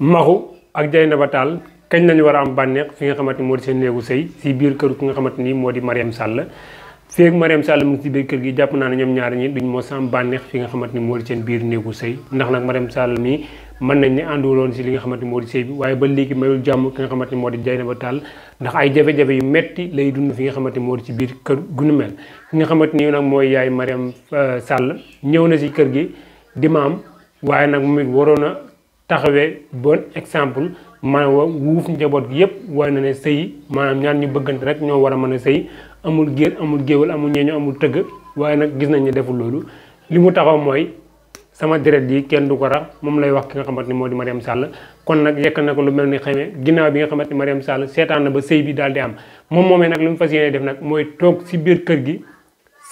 Mahu ak Dieynaba batal kagn lañu wara a am banex fi nga xamanteni modi sen negu sey ci biir keur ku nga xamanteni ni Mariam Sall fi ak Mariam Sall mu ci biir keur gi japp naa ne ñoom ñaar ñi duñ mo sam banex fi nga xamanteni ni sen biir negu sey ndax nak Mariam Sall mi man nañ ne ànduloon ci li nga xamanteni ni sey bi waye ba legi mayul jamm ki nga xamanteni modi moo batal ndax ay jafe-jafe yu metti lay dund fi nga xamanteni modi ci biir keur gu nu mel ki nga xamanteni ni moy yaay Mariam euh, Sall ñew na ci keur gi di mam waye nak mu taxawee bon exemple maanaam wa wuuf njaboot gi yëpp war na ne sëy maanaam ñaan ñu bëggante rek ñoo war a mën a sëy amul géer amul géwal amul ñeeño amul tëgg waaye nag gis nañ ne deful loolu li mu taxaw mooy sama deret yi kenn du ko rax moom lay wax ki nga xamante ni moo di Mariam Sall kon nag yekk na ko lu mel ni xamee ginnaaw bi nga xamante ni Mariam Sall seetaan na ba sëy bi daal di am moom moomee nag li mu fas yéene def nag mooy toog si biir kër gi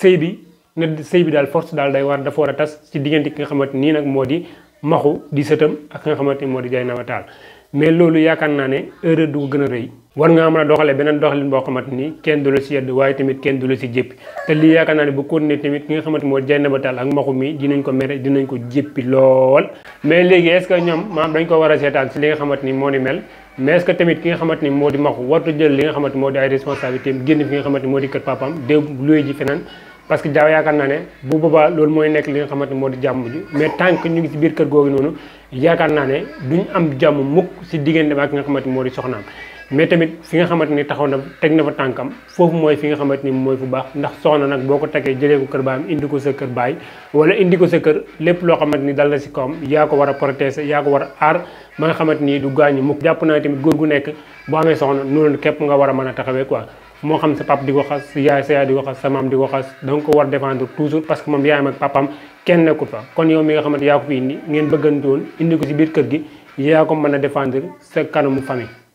sëy bi ne sëy bi daal force daal day war dafa a tas ci diggante ki nga xamante nii nag moo di maxu di sëtam ak ki nga xamante ni moo di Dieynaba Tall mais loolu yaakaar naa ne erreur du ko gën a rëy war ngaa mën a doxalee beneen doxalin boo xamante ni kenn du la si yedd waaye tamit kenn du la si jéppi te lii yaakaar naa ne bu continuer tamit ki nga xamante a seetaan si ni moo ni mel mais est tamit ki nga xamante ni moo di maxu wartu jël li nga xamante moo di ay responsabilité génn fi nga xamante ni moo di kër papam de luye ji feneen parce que jaw yaakaar naa ne bu boobaa loolu mooy nekk li nga xamante moo di jàmm ji mais tant que ñu ngi si biir kër googu noonu yaakaar naa ne duñ am jàmm mukk si diggante ba ak nga xamante moo di soxnaam mais tamit fi nga xamante ni taxaw na teg na fa tànkam foofu mooy fi nga xamante ni mooy fu baax ndax soxna nag boo ko tegee jëlee ko kër baam indi ko sa kër baay wala indi ko sa kër lépp loo xamante ni dal na si kawam yaa ko war a protéger yaa ko war a aar ba nga xamante ni du gaañu mukk jàpp naa tamit góor gu nekk bu amee soxna noonu képp nga war a mën a taxawee quoi moo xam sa papp di ko xas sa yaay sa yaay di ko xas sa maam di ko xas danga ko war défendre toujours parce que moom yaayam ak papam kenn nekkul fa kon yow mi nga xamante yaa ko fi indi ngeen bëggandoon indi ko si biir kër gi yaa ko mën a défendre sa kanamu famille